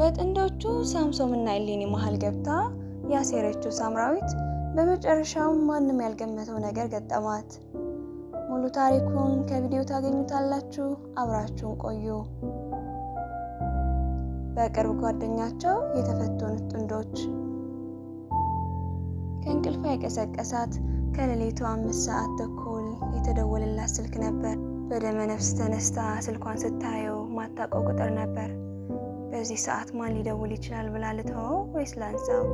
በጥንዶቹ ሳምሶም እና ኤሌኒ መሃል ገብታ ያሴረችው ሳምራዊት በመጨረሻም ማንም ያልገመተው ነገር ገጠማት። ሙሉ ታሪኩን ከቪዲዮ ታገኙታላችሁ። አብራችሁን ቆዩ። በቅርብ ጓደኛቸው የተፈቱን ጥንዶች ከእንቅልፏ የቀሰቀሳት ከሌሊቱ አምስት ሰዓት ተኩል የተደወለላት ስልክ ነበር። በደመ ነፍስ ተነስታ ስልኳን ስታየው ማታውቀው ቁጥር ነበር። በዚህ ሰዓት ማን ሊደውል ይችላል ብላ ልተወው ወይስ ላንሳው?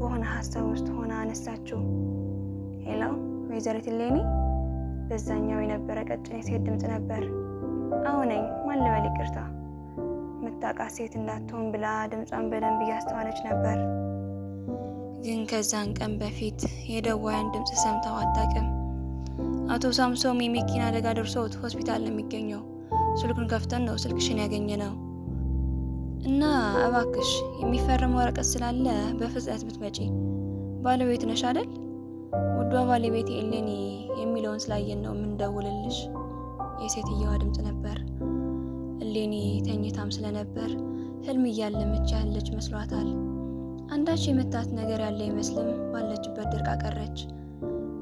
በሆነ ሀሳብ ውስጥ ሆና አነሳችው። ሄሎ፣ ወይዘሪት ሌኒ። በዛኛው የነበረ ቀጭን የሴት ድምፅ ነበር። አሁነኝ ማን ልበል? ይቅርታ ምታቃ ሴት እንዳትሆን ብላ ድምጿን በደንብ እያስተዋለች ነበር። ግን ከዛን ቀን በፊት የደዋያን ድምፅ ሰምተው አታውቅም። አቶ ሳምሶም የመኪና አደጋ ደርሶት ሆስፒታል ነው የሚገኘው። ስልኩን ከፍተን ነው ስልክሽን ያገኘ ነው እና እባክሽ የሚፈርም ወረቀት ስላለ በፍጥነት ብትመጪ። ባለቤት ነሽ አደል! ውዷ ባለቤቴ ኤሌኒ የሚለውን ስላየን ነው የምንደውልልሽ። የሴትየዋ ድምፅ ነበር። እሌኒ ተኝታም ስለነበር ህልም እያለመች ያለች መስሏታል። አንዳች የመታት ነገር ያለ ይመስልም ባለችበት ድርቅ አቀረች።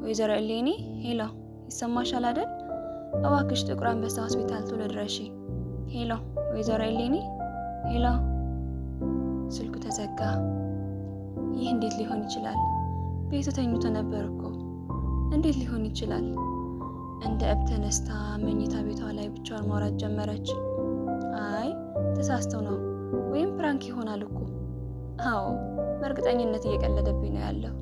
ወይዘሮ እሌኒ ሄሎ፣ ይሰማሻል አደል እባክሽ ጥቁር አንበሳ ሆስፒታል ቶሎ ድረሺ። ሄሎ፣ ወይዘሮ እሌኒ ሄሎ፣ ስልኩ ተዘጋ። ይህ እንዴት ሊሆን ይችላል? ቤቱ ተኝቶ ነበር እኮ። እንዴት ሊሆን ይችላል? እንደ እብ ተነስታ መኝታ ቤቷ ላይ ብቻዋን ማውራት ጀመረች። አይ ተሳስተው ነው ወይም ፕራንክ ይሆናል እኮ። አዎ በእርግጠኝነት እየቀለደብኝ ነው ያለው።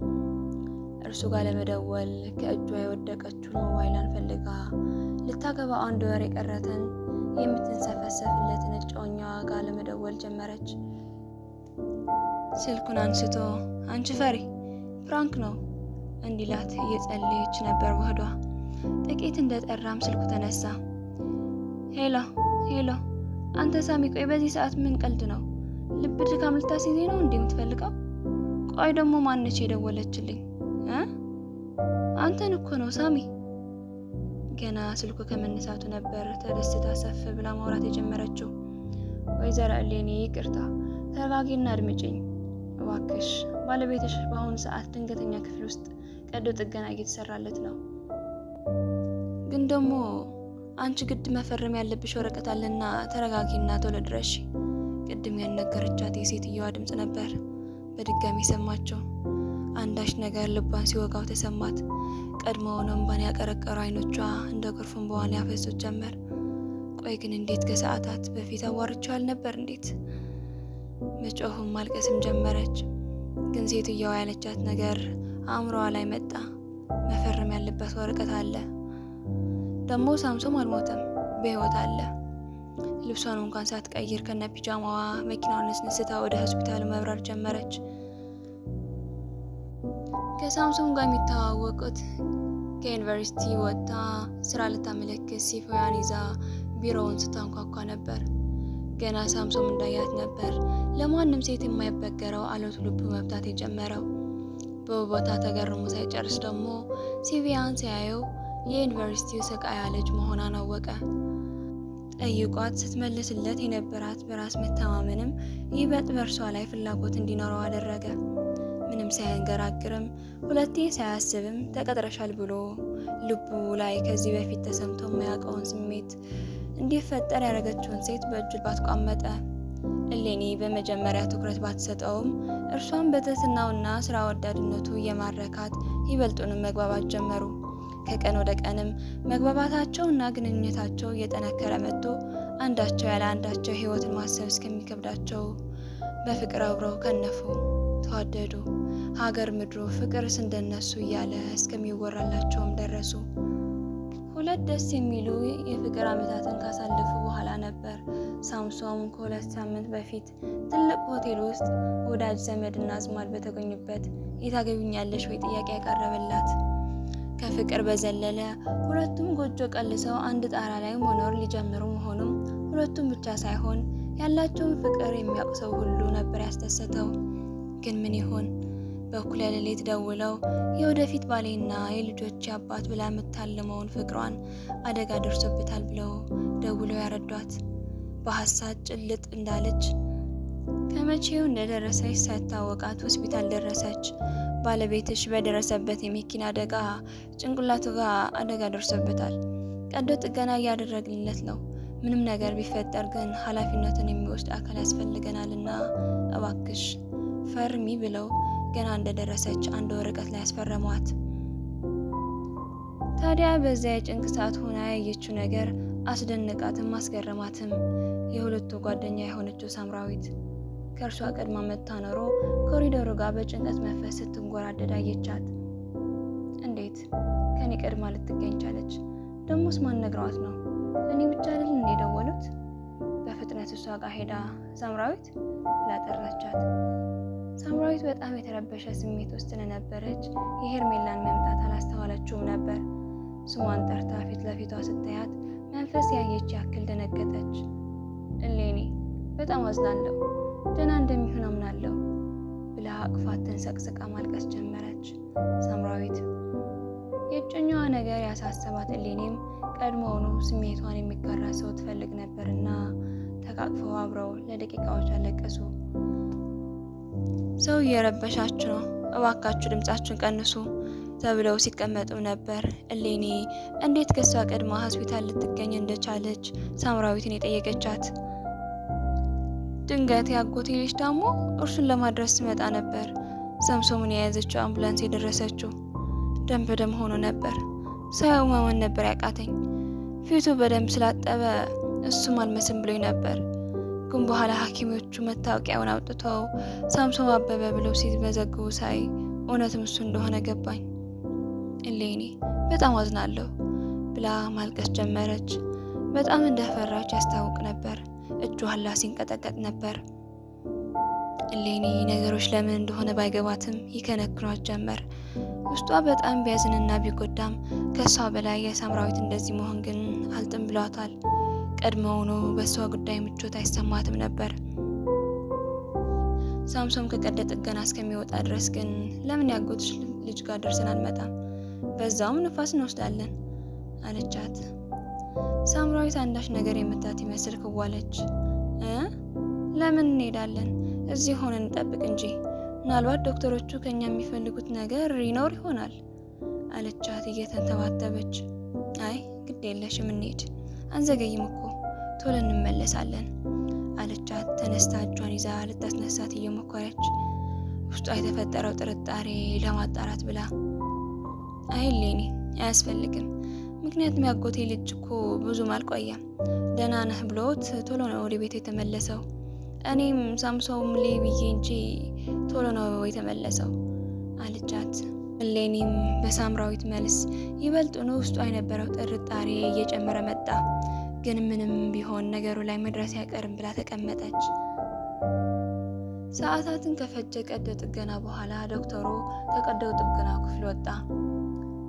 እርሱ ጋር ለመደወል ከእጇ የወደቀችውን ሞባይሏን ፈልጋ ልታገባ አንድ ወር የቀረትን የምትንሰፈሰፍለት ነጫኛዋ ጋር ለመደወል ጀመረች። ስልኩን አንስቶ አንቺ ፈሪ ፍራንክ ነው እንዲላት እየጸለየች ነበር ውህዷ ጥቂት እንደጠራም ስልኩ ተነሳ። ሄሎ ሄሎ፣ አንተ ሳሚ፣ ቆይ በዚህ ሰዓት ምን ቀልድ ነው? ልብ ድካም ልታስይዜ ነው እንዴ የምትፈልገው? ቆይ ደግሞ ማነች የደወለችልኝ? አንተን እኮ ነው ሳሚ። ገና ስልኩ ከመነሳቱ ነበር ተደስታ ሰፍ ብላ ማውራት የጀመረችው። ወይዘሮ እሌኒ ይቅርታ፣ ተረጋጊና አድምጪኝ እባክሽ። ባለቤትሽ በአሁኑ ሰዓት ድንገተኛ ክፍል ውስጥ ቀዶ ጥገና እየተሰራለት ነው። ግን ደግሞ አንቺ ግድ መፈረም ያለብሽ ወረቀት አለና ተረጋጊና ቶሎ ድረሽ። ቅድም ያነገረቻት የሴትየዋ ድምፅ ነበር በድጋሚ ሰማቸው። አንዳች ነገር ልቧን ሲወጋው ተሰማት። ቀድሞውኑ እንባን ያቀረቀሩ አይኖቿ እንደ ጎርፍን በዋን ያፈሱት ጀመር። ቆይ ግን እንዴት ከሰዓታት በፊት አዋርቸው አልነበር እንዴት? መጮህም ማልቀስም ጀመረች። ግን ሴትየዋ ያለቻት ነገር አእምሮዋ ላይ መጣ። መፈረም ያለበት ወረቀት አለ። ደግሞ ሳምሶም አልሞተም፣ በህይወት አለ። ልብሷን እንኳን ሳትቀይር ከነ ፒጃማዋ መኪናውን አስነስታ ወደ ሆስፒታል መብረር ጀመረች። ከሳምሶን ጋር የሚተዋወቁት ከዩኒቨርሲቲ ወጥታ ስራ ልታመለክት ሲፋዋን ይዛ ቢሮውን ስታንኳኳ ነበር። ገና ሳምሶም እንዳያት ነበር ለማንም ሴት የማይበገረው አለቱ ልቡ መብታት የጀመረው። በቦታ ተገርሞ ሳይጨርስ ደግሞ ሲቪያን ሲያየው የዩኒቨርሲቲው ስቃያ ልጅ መሆኗን አወቀ። ጠይቋት ስትመልስለት የነበራት በራስ መተማመንም ይበጥ በእርሷ ላይ ፍላጎት እንዲኖረው አደረገ። ምንም ሳያንገራግርም ሁለቴ ሳያስብም ተቀጥረሻል ብሎ ልቡ ላይ ከዚህ በፊት ተሰምቶ የማያውቀውን ስሜት እንዲፈጠር ያደረገችውን ሴት በእጁ ባትቋመጠ እሌኒ በመጀመሪያ ትኩረት ባትሰጠውም እርሷን በትህትናውና ስራ ወዳድነቱ እየማረካት ይበልጡንም መግባባት ጀመሩ። ከቀን ወደ ቀንም መግባባታቸውና ግንኙነታቸው እየጠነከረ መጥቶ አንዳቸው ያለ አንዳቸው ህይወትን ማሰብ እስከሚከብዳቸው በፍቅር አብረው ከነፉ፣ ተዋደዱ። ሀገር ምድሮ ፍቅርስ እንደነሱ እያለ እስከሚወራላቸውም ደረሱ። ሁለት ደስ የሚሉ የፍቅር ዓመታትን ካሳለፉ በኋላ ነበር ሳምሶም ከሁለት ሳምንት በፊት ትልቅ ሆቴል ውስጥ ወዳጅ ዘመድና አዝማድ በተገኙበት የታገቢኛለሽ ወይ ጥያቄ ያቀረበላት። ከፍቅር በዘለለ ሁለቱም ጎጆ ቀልሰው አንድ ጣራ ላይ መኖር ሊጀምሩ መሆኑም ሁለቱም ብቻ ሳይሆን ያላቸውን ፍቅር የሚያውቅ ሰው ሁሉ ነበር ያስደሰተው። ግን ምን ይሆን? በኩለ ሌሊት ደውለው የወደፊት ባሌና የልጆች አባት ብላ የምታልመውን ፍቅሯን አደጋ ደርሶበታል ብለው ደውለው ያረዷት በሀሳብ ጭልጥ እንዳለች ከመቼው እንደደረሰች ሳይታወቃት ሆስፒታል ደረሰች። ባለቤትሽ በደረሰበት የመኪና አደጋ ጭንቅላቱ ጋር አደጋ ደርሶበታል። ቀዶ ጥገና እያደረግንለት ነው። ምንም ነገር ቢፈጠር ግን ኃላፊነትን የሚወስድ አካል ያስፈልገናልና እባክሽ ፈርሚ ብለው ገና እንደደረሰች አንድ ወረቀት ላይ ያስፈረሟት። ታዲያ በዚያ የጭንቅ ሰዓት ሆና ያየችው ነገር አስደንቃትም አስገረማትም። የሁለቱ ጓደኛ የሆነችው ሳምራዊት ከእርሷ ቀድማ መጥታ ኖሮ ኮሪደሩ ጋር በጭንቀት መንፈስ ስትንጎራደድ አየቻት። እንዴት ከኔ ቀድማ ልትገኝ ቻለች? ደሞስ ማን ነግረዋት ነው? እኔ ብቻ ልል እንዴ ደወሉት? በፍጥነት እሷ ጋር ሄዳ ሳምራዊት ብላ ጠራቻት። ሳምራዊት በጣም የተረበሸ ስሜት ውስጥ ስለነበረች የሄርሜላን መምጣት አላስተዋለችውም ነበር። ስሟን ጠርታ ፊት ለፊቷ ስታያት መንፈስ ያየች ያክል ደነገጠች። እሌኔ በጣም አዝናለሁ፣ ደህና እንደሚሆን አምናለሁ ብላ አቅፋት ተንሰቅስቃ ማልቀስ ጀመረች። ሳምራዊት የእጮኛዋ ነገር ያሳሰባት እሌኔም ቀድሞውኑ ስሜቷን የሚጋራ ሰው ትፈልግ ነበርና ተቃቅፈው አብረው ለደቂቃዎች አለቀሱ። ሰው እየረበሻችሁ ነው፣ እባካችሁ ድምጻችሁን ቀንሱ ተብለው ሲቀመጡ ነበር። እሌኒ እንዴት ከሷ ቀድማ ሆስፒታል ልትገኝ እንደቻለች ሳምራዊትን የጠየቀቻት። ድንገት ያጎቴ ልጅ ደግሞ እርሱን ለማድረስ ሲመጣ ነበር ሰምሶምን የያዘችው አምቡላንስ የደረሰችው። ደም በደም ሆኖ ነበር። ሳየው ማመን ነበር ያቃተኝ። ፊቱ በደንብ ስላጠበ እሱም አልመስም ብሎኝ ነበር። ግን በኋላ ሐኪሞቹ መታወቂያውን አውጥተው ሳምሶም አበበ ብለው ሲመዘግቡ ሳይ እውነትም እሱ እንደሆነ ገባኝ። እሌኒ በጣም አዝናለሁ ብላ ማልቀስ ጀመረች። በጣም እንደፈራች ያስታውቅ ነበር። እጇ ኋላ ሲንቀጠቀጥ ነበር። እሌኒ ነገሮች ለምን እንደሆነ ባይገባትም ይከነክኗት ጀመር። ውስጧ በጣም ቢያዝንና ቢጎዳም ከእሷ በላይ የሳምራዊት እንደዚህ መሆን ግን አልጥም ብሏታል። ቀድሞውኑ በእሷ ጉዳይ ምቾት አይሰማትም ነበር። ሳምሶም ከቀደ ጥገና እስከሚወጣ ድረስ ግን ለምን ያጎትሽ ልጅ ጋር ደርሰን አንመጣም? በዛውም ንፋስ እንወስዳለን አለቻት። ሳምራዊት አንዳች ነገር የምታት ይመስል ክዋለች። ለምን እንሄዳለን? እዚህ ሆነን እንጠብቅ እንጂ ምናልባት ዶክተሮቹ ከኛ የሚፈልጉት ነገር ይኖር ይሆናል አለቻት እየተንተባተበች። አይ ግድ የለሽም እንሂድ፣ አንዘገይም እኮ ቶሎ እንመለሳለን አለቻት። ተነስታ እጇን ይዛ ልታስነሳት እየሞከረች ውስጧ የተፈጠረው ጥርጣሬ ለማጣራት ብላ አይሌኒ አያስፈልግም፣ ምክንያቱም ያጎቴ ልጅ እኮ ብዙም አልቆየም ደህና ነህ ብሎት ቶሎ ነው ወደ ቤት የተመለሰው። እኔም ሳምሶም ሌ ብዬ እንጂ ቶሎ ነው የተመለሰው አልቻት። ሌኒም በሳምራዊት መልስ ይበልጡን ውስጧ የነበረው ጥርጣሬ እየጨመረ መጣ። ግን ምንም ቢሆን ነገሩ ላይ መድረስ አይቀርም ብላ ተቀመጠች። ሰዓታትን ከፈጀ ቀዶ ጥገና በኋላ ዶክተሩ ከቀዶ ጥገና ክፍል ወጣ።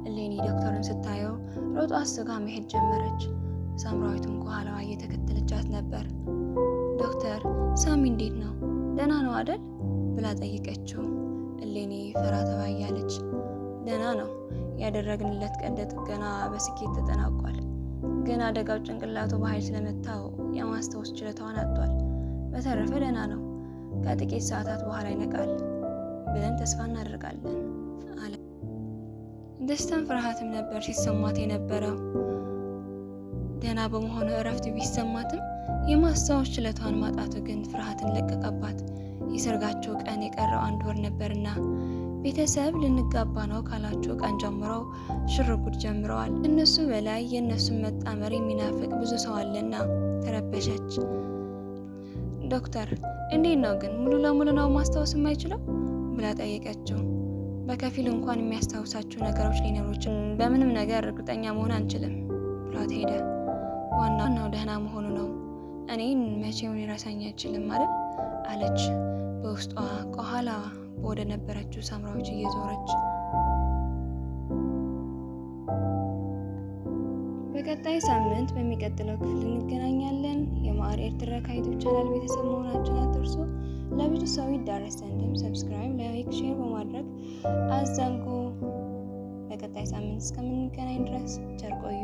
እሌኒ ዶክተሩን ስታየው ሮጦ አስጋ መሄድ ጀመረች። ሳምራዊቱም ከኋላዋ እየተከተለቻት ነበር። ዶክተር ሳሚ እንዴት ነው? ደህና ነው አደል? ብላ ጠይቀችው። እሌኒ ፈራ ተባያለች። ደህና ነው፣ ያደረግንለት ቀዶ ጥገና በስኬት ተጠናቋል። ግን አደጋው ጭንቅላቱ በኃይል ስለመታው የማስታወስ ችለታዋን አጥቷል። በተረፈ ደህና ነው፣ ከጥቂት ሰዓታት በኋላ ይነቃል ብለን ተስፋ እናደርጋለን አለ። ደስታም ፍርሃትም ነበር ሲሰማት የነበረው። ደህና በመሆኑ እረፍት ቢሰማትም የማስታወስ ችሎታዋን ማጣቱ ግን ፍርሃትን ለቀቀባት። የሰርጋቸው ቀን የቀረው አንድ ወር ነበርና ቤተሰብ ልንጋባ ነው ካላቸው ቀን ጀምሮ ሽርጉድ ጀምረዋል። እነሱ በላይ የእነሱን መጣመር የሚናፍቅ ብዙ ሰው አለና ተረበሸች። ዶክተር እንዴት ነው ግን ሙሉ ለሙሉ ነው ማስታወስ የማይችለው ብላ ጠየቀችው። በከፊል እንኳን የሚያስታውሳቸው ነገሮች ሊኖሮች፣ በምንም ነገር እርግጠኛ መሆን አንችልም ብሏት ሄደ። ዋናው ደህና መሆኑ ነው። እኔን መቼውን ይረሳኝ አይችልም ማለት አለች በውስጧ ከኋላዋ ወደ ነበረችው ሳምራዎች እየዞረች በቀጣይ ሳምንት በሚቀጥለው ክፍል እንገናኛለን። የማር ኤርትራ ካይቶ ቻናል ቤተሰብ መሆናችን አትርሱ። ለብዙ ሰው ይዳረስ ዘንድም ሰብስክራይብ፣ ላይክ፣ ሼር በማድረግ አዛንጉ። በቀጣይ ሳምንት እስከምንገናኝ ድረስ ቸር ቆዩ።